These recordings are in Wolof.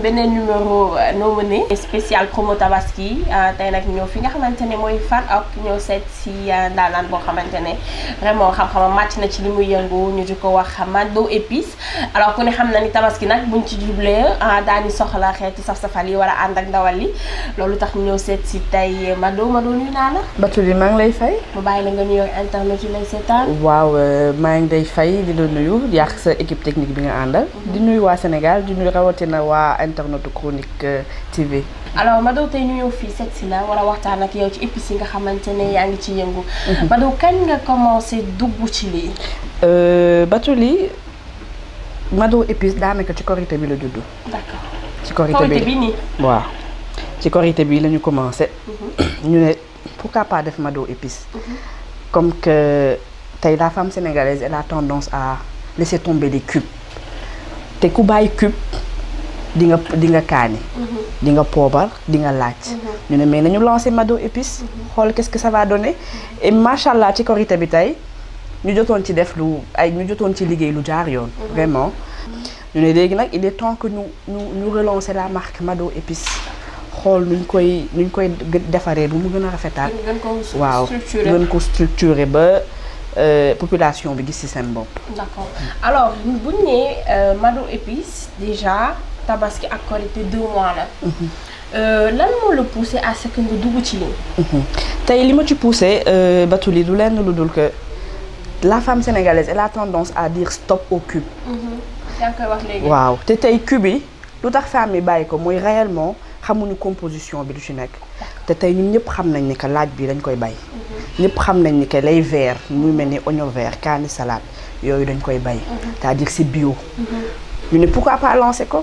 beneen spécial promo tabaski euh, tay nak ñëw fi nga xamantene moy mooy Fat Up ñëw seet si euh, ndaanaan boo xamante vraiment xam-xamam match na ci limu muy yëngu ñu diko wax Mado épice alors ku ne xam na ni tabaski nak buñ ci ah daani soxla xeeti saf safali yi and ak ndawal yi loolu tax ñëw set ci tay Mado Mado ñu naa la. Batou li ngi lay fay. mu bay la nga ñu yor internet yi lay seetaan. waaw ma ngi day fay di do nuyu yàq sa équipe technique bi nga andal mhm. di nuyu wa Sénégal di nuyu rawati na wa internet Chronique TV. alors Mado tey ñu ñëw fii seet si la war waxtaan ak yow ci épices yi nga xamante ne yaa ci yëngu. Mhm. Mado kan nga commencé dugg ci li lii. Euh, Batuli Mado épices naka ci corité bi la judd. d'accord ci corité bi nii. waaw ci corité bi lañu commencé. Mhm. ñu né pourquoi pas def Mado épices. Mhm. comme que tay la femme sénégalaise elle a tendance à laisser tomber les cubes te ku bàyyi cube di nga di nga kaani mhm. di nga poobar di nga laaj mhm. ñu ne mais Mado épice Hol mhm. qu'est-ce que ça va donner et macha allah ci korité bi Nous ñu jotoon ci def lu ay ñu jotoon ci liggéey lu jaar yoon vraiment ñu nous disons il est temps que nous nous nous relancer la marque Mado épice xool nuñ koy nuñ koy défarer, bu mu gën a rafetaat waaw gën ko structuré ba euh, population bi gis ci seen bopp d'accord alors nous ñu nee euh, Mado épice déjà tabaski ak korité deux mois là, mhm. euh, lan moo le pousser à ce que nous dugg ci T'as mhm. tey li ma ci poussé euh, Batouly du lenn lu dul que la femme sénégalaise elle a tendance à dire stop au cube. Mhm. yaa ngi koy wax waaw cube femme yi bàyyi ko mooy réellement xamuñu composition bi du ci nekk. te tey ñun ñëpp xam nañ ni que laaj bi dañ koy bay. ñëpp xam ni que lay vert muy mel oignon vert kaani salade yooyu dañ koy bay. c'est-à-dire c'est bio. Mais pourquoi pas lancer quoi?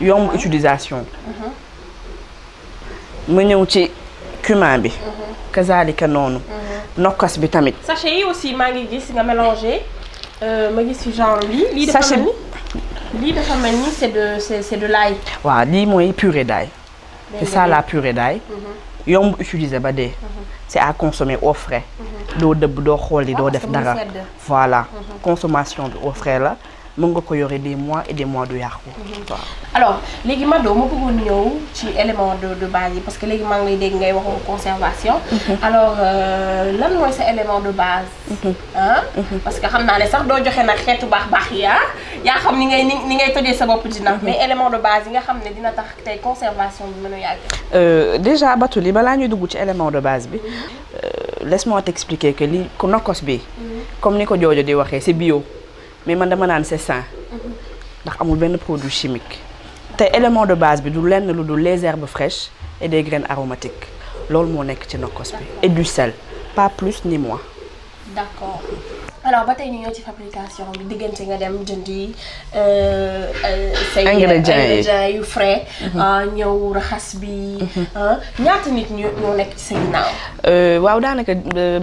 yomb utilisation mu ñëw ci cumin bi kazaalika noonu nokkas bi tamit sachet yi aussi maa ngi gis nga mélangé c'est euh, gis ci genre lii lui, dafa mel ni lii dafa mel c'est de c'est de l'ail waaw lii mooy purée d'ail c'est ça la purée d'ail mhm. yomb utiliser ba dee mhm. c'est à consommer au frais mhm. doo de doo xool de ah, doo def dara voilà consommation au frais là Mengo nga ko yore des mois et des mois du yàqu. Mhm. waaw alors léegi Mado ma bëggoon ñëw ci élément de de base parce que léegi maa ngi lay dégg ngay waxoon conservation. Mhm. alors euh, lan mooy sa élément de base. Mhm. hein? parce que xam naa ne sax doo joxe nag xeetu baax baax yi ah yaa xam ni ngay ni ngay tojee sa bopp dina. mais élément de base yi nga xam ne dina tax tey conservation bi mën a yàgg. Euh, déjà Batouly balaa ñuy dugg ci élément de base bi euh, laisse-moi t'expliquer que li nokkos bi. comme ni ko joojo di waxee c'est bio mais man dama naan c'est sain ndax amul ben produit chimique té élément de base bi du lenn lu les herbes fraîches et des graines aromatiques lool mo nek ci nokos bi et du sel pas plus ni moins. d'accord alors ba de ñu fabrication bi diggante nga dem jëndi euh, euh, say ingrédients euh, yu frais mhm. ah, ñëw raxas bi mhm. ah, ñaata nit ñu ñoo nekk ci sa ginnaaw waaw daanaka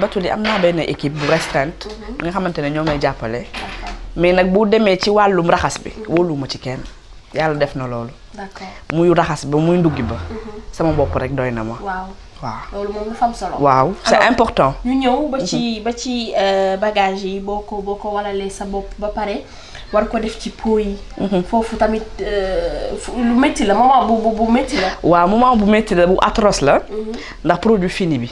batuli am naa benn équipe bu restreinte mhm. nga xamante ne ñoo mais nak bu démé ci walum raxas bi ci def na d'accord muy raxas ba muy ba. Mhm. sama ma. c'est important. ñu ñew ba mhm. ci ba ci euh, bagage yi boko Vous boo sa bop ba paré war ko def ci po yi. Mhm. Euh, la moment bu bu metti la. waaw atroce la. fini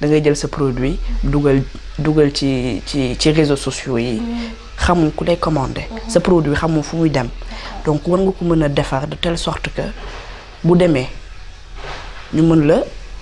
dangay jël sa produit dugal dugal ci ci ci réseaux sociaux yi mm. xamul ku lay commander mm-hmm. sa produit xamul fu muy dem donc war nga ko mën a defar de telle sorte que bu démé ñu mën la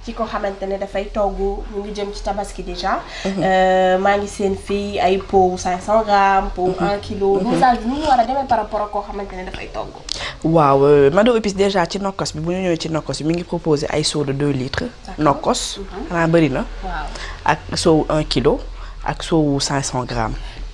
ci ko xamantene da fay togg mu ngi jëm ci tabaski déjà. Mhm. Euh, ma ngi seen fi ay pots 500 grammes. pots 1 mhm. kilo. mu daal di nu mu war a demee par rapport ak koo xamante ne dafay waaw euh, Mado epis déjà ci nokos bi bu ñu ñëw ci nokos mi ngi proposer ay seau de 2 litres. nokos mhm. xanaa bari na. waaw ak seau 1 kilo ak seau 500 grammes.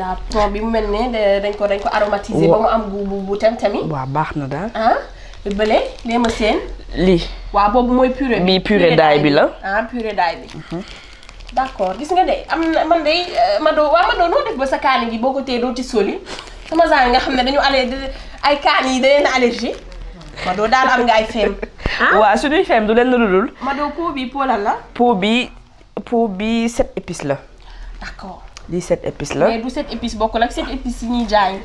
waaw ton bi mu mel de dañ ko dañ ko aromatisé. ba mu am bu bu tamtami. waaw na daal. Ah, Le blé nee ma seen. lii waaw boobu purée. purée la ah purée daay bi. Mhm. d' gis nga de am man de euh, Mado Mado ci soli sama nga dañu aller ay am je la dudul. Mado pot bi pot la. bi bi sept la. lii sept épices la mais du sept épices bokkul ak sept épices yi ñuy jaay.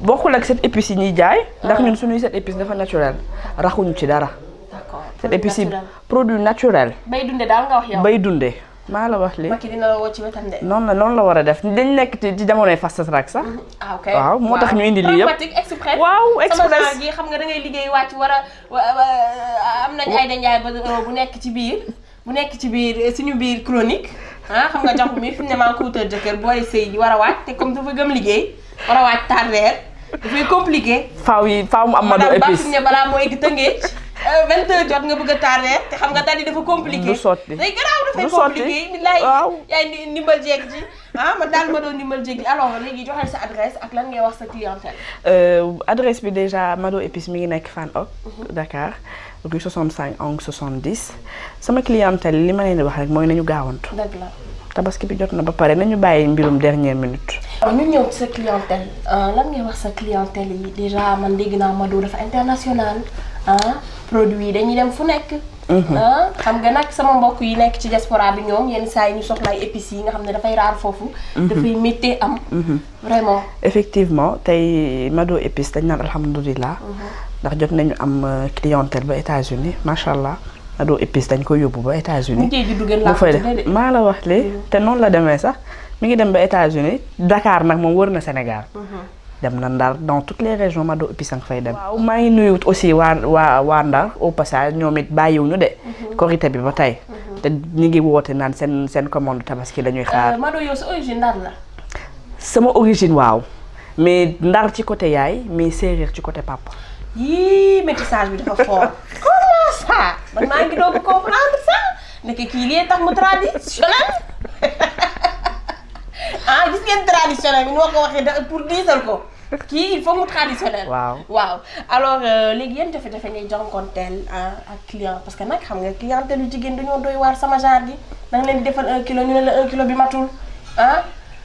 bokkul ak sept épices yi ñuy jaay. Ah. ndax ñun suñuy sept épices dafa naturel raxuñu ci dara. d'accord sept épices yi produit naturel. bay dunde daal nga wax yow. bay dundee maa la wax lii. Macky dina la woo ci wetam de. noonu la noonu la war a def dañ nekk ci jamonoy fast track sax. Mm-hmm. ah ok waaw moo tax ñu indi lii yëpp. pragmatique express waaw express sama xam nga da ngay liggéey wàcc war a am nañ ay dañuy jaay ba bu nekk ci biir bu nekk ci biir suñu biir chronique. Ah, xam nga jox mi fi ne maa ko wutal jëkkër booy sëy war a waaj te comme dafa gëm liggéey war a waaj tardeer dafay compliqué. faaw yi faaw mu am madu épice ne balaa moo egg tëngéej. 22 euh, jot nga bëgg a te xam nga daal di dafa compliqué. du sotti day garaaw dafay compliqué. bilaay yaay ndimbal jeeg ji ah man daal ma ndimbal jeeg ji alors léegi joxal sa adresse ak lan ngay wax sa clientèle. Euh, adresse bi déjà Mado Épices mi ngi nekk Fann Ok. Mhm. Dakar. 65 angle 70 sama clientèle li ma wax rek nañu tabaski bi ba nañu mbirum dernière minute. Ah, ñu ci clientèle ah, lan wax sa clientèle yi déjà man dafa international hein produit dañuy dem fu mhm. xam nga sama mbokk yi diaspora bi ñoom ñu épices yi nga mhm. mhm. vraiment. effectivement tay épices dañ ndax jot nañu am euh, clientèle ba États-Unis macha allah ado épice dañ ko yóbbu ba États-Unis bu fay def maa la wax li te la demee sax mi ngi dem ba États-Unis Dakar nag moom wër na Sénégal. Mhm. dem na Ndar dans toutes les régions Mado Épices nga fay dem. waaw maa ngi nuyut aussi waa waa waa Ndar au passage ñoom it bàyyiwuñu de. Mhm. korité bi ba tey. Mhm. te ñu ngi woote naan seen seen commande tabaski la ñuy xaar. Euh, Mado yow sa origine Ndar la. sama origine waaw mais Ndar ci côté yaay mais séeréer ci côté papa. yii métissage bi dafa fort xoolal ça man maa ngi doog comprendre ça nekk kii lii tax mu traditionnel ah gis ngeen traditionnel bi nu ma ko waxee da pour diisal ko kii il faut mu traditionnel. waaw waaw alors euh, léegi yan jafe-jafe ngay jànkonteel euh, ak client parce que nag xam nga clientèle yu jigéen dañoo dooy waar sama genre gi da leen di defal un kilo ñu ne la un kilo bi matul ah.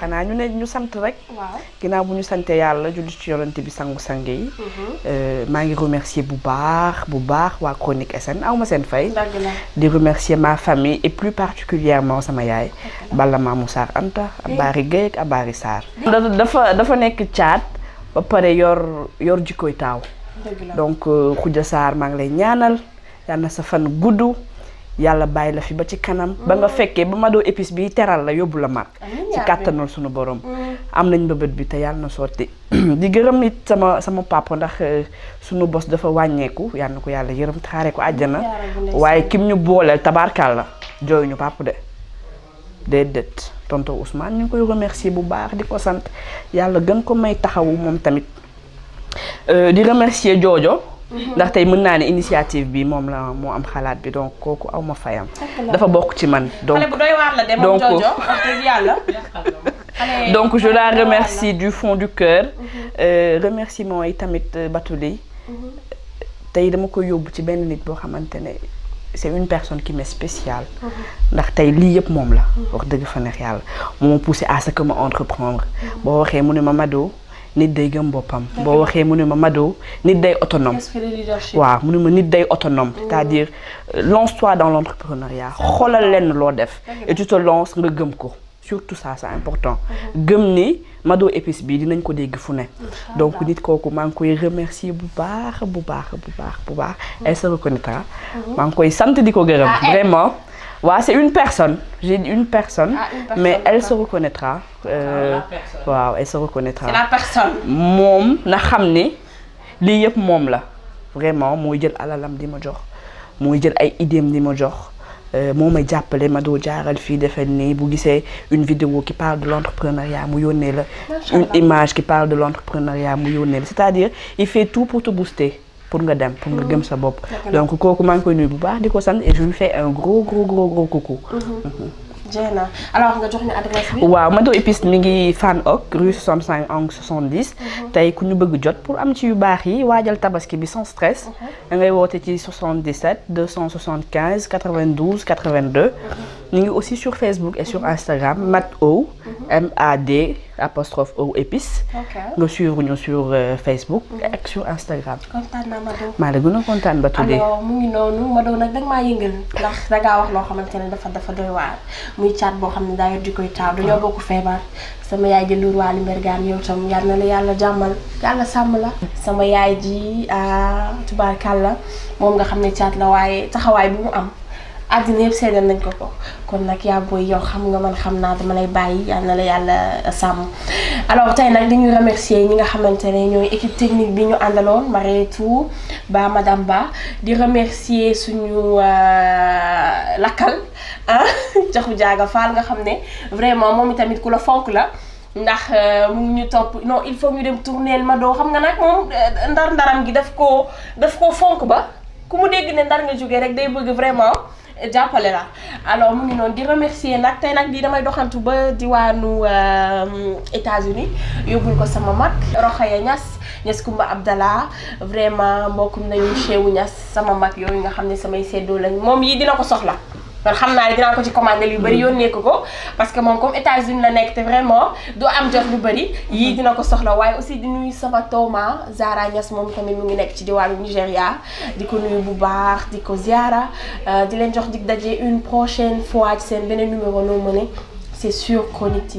xanaa ñu ne ñu sant rek. waaw bu ñu santé yàlla julli ci yonante bi sangu sange yi. Mhm. Euh, maa ngi remercier bu baax bu baax waa Chronique SN aw ma seen fay. di remercier ma famille et plus particulièrement sama yaay. Balla Mamou Sarr Anta eh. Abari Gueye ak abaari Sarr. Eh. dafa dafa nekk caat ba pare yor yor jikkoy taaw. donc euh, Khoudia Sarr maa ngi lay ñaanal yal sa fan gudd. yàlla bàyyi la fi ba ci kanam ba nga mm. fekkee ba ma doo épice bi teral la yóbbu la mag ci kàttanal sunu borom mm. am nañ mbëbët bi te yàlla na sotti di gërëm it sama sama papa ndax euh, sunu bos dafa wàññeeku yàlla na ko yàlla yërëm xaaree ko àjjana waaye kim ñu booleel tabaarkaal la jooyu ñu papa de déedéet tonton Ousmane ñu ngi koy remercier bu baax di ko sant yàlla gën ko may taxawu moom tamit euh, di remercier Jojo Mhm. ndax tay mën naa ne initiative bi moom la moo am xalaat bi donc kooku aw ma fayam. dafa bokk ci man. donc bu doy waar la yàlla. donc je la remercie du fond du cœur. Mhm. Euh, remerciement yi tamit euh, Batuli. Mhm. tey dama ko yóbbu ci benn nit boo xamante ne c'est une personne qui m'est spéciale. ndax tey lii yëpp moom la. wax dëgg fa neex yàlla moo poussé à ce que ma entreprendre. boo waxee mu ne Mado nit day gëm boppam boo waxee ne autonome autonome oh. c'est-à-dire lance-toi dans l'entrepreneuriat et tu te lances nga gëm surtout ça c'est important mm-hmm. gëm ni Mado épice bi dinañ ko dégg fu ne donc nit kooku maa koy remercier elle se reconnaîtra mm-hmm. maa koy ah, eh. vraiment c'est une personne. J'ai une personne. Ah, personne mais elle se reconnaîtra. Ah, euh, elle se reconnaîtra. C'est la personne. Mom, na xamné li yep mom la vraiment moy jël alalam di ma jox Moy jël ay ma jox Euh momay ma bu une vidéo qui parle de l'entrepreneuriat mu une image qui parle de l'entrepreneuriat mu c'est-à-dire il fait tout pour te booster pour nga dem pour nga mm-hmm. gëm sa bop donc koku mang koy nuyu bu baax diko et je lui fais un gros gros gros gros coucou. Mm-hmm. Mm-hmm. Jena. alors nga jox ñu adresse bi. waaw Mado épice mi ngi fan rue 65 angle 70. tey ku pour am ci yu baax yi waajal tabaski bi sans stress. Je ngay woote ci 77 275 92 82. Je ngi aussi sur Facebook et sur Instagram Mado. M A D. apostrophe eau épice. nga suivre ñu sur euh, Facebook. Mm-hmm. ak sur Instagram. kontaan naa maa la gën kontaan ba tuddee. mu ngi noonu Mado nag danga maa yëngal ndax dangaa wax loo xamante ne dafa dafa doy waar muy caat boo xam ne daa yor di koy taaw dañoo ah. bokk feebar. sama yaay ji Ndour Waly Mbergane yow tam yal na la yàlla jàmmal yàlla sàmm la. sama yaay ji ah, la moom nga xam ne caat la waaye taxawaay bi mu am. àddina yëpp seedal nañ ko ko kon nag yaa booy yow xam nga man xam naa dama lay bàyyi yal na la yàlla sàmm alors tey nag dañuy remercier ñi nga xamante ne ñooy équipe technique bi ñu àndaloon Marietou Ba madame Ba di remercier suñu euh, lakkal ah joxu jaaga faal nga xam ne vraiment moom itamit ku la fonk la. ndax euh, mu ngi ñu topp non il faut ñu dem tourneel ma doo xam nga nag moom euh, ndar-ndaram gi daf koo daf koo fonk ba ku mu dégg ne ndar nga jógee rek day bëgg vraiment. jàppale la alors mu ngi noonu di remercier nag tey nag lii damay doxantu ba diwaanu euh, états uni yóbbul ko sama mag Rokhaya ñas Niass Kumba Abdallah vraiment mbokkum nañu Cheikh Niass sama mag yooyu nga xam ne samay seddoo lañ moom yii dina ko soxla kon xam naa ko ci commandé yu mm. parce que moom comme États-Unis la nekk vraiment du am jot lu bëri yii mm. dina ko soxla aussi di nuyu sama toma Zara Niass moom tamit ngi nekk ci diwaanu Nigeria. di ko bu baax di ko euh, une prochaine fois ci seen beneen numéro noo c'est sur Chronique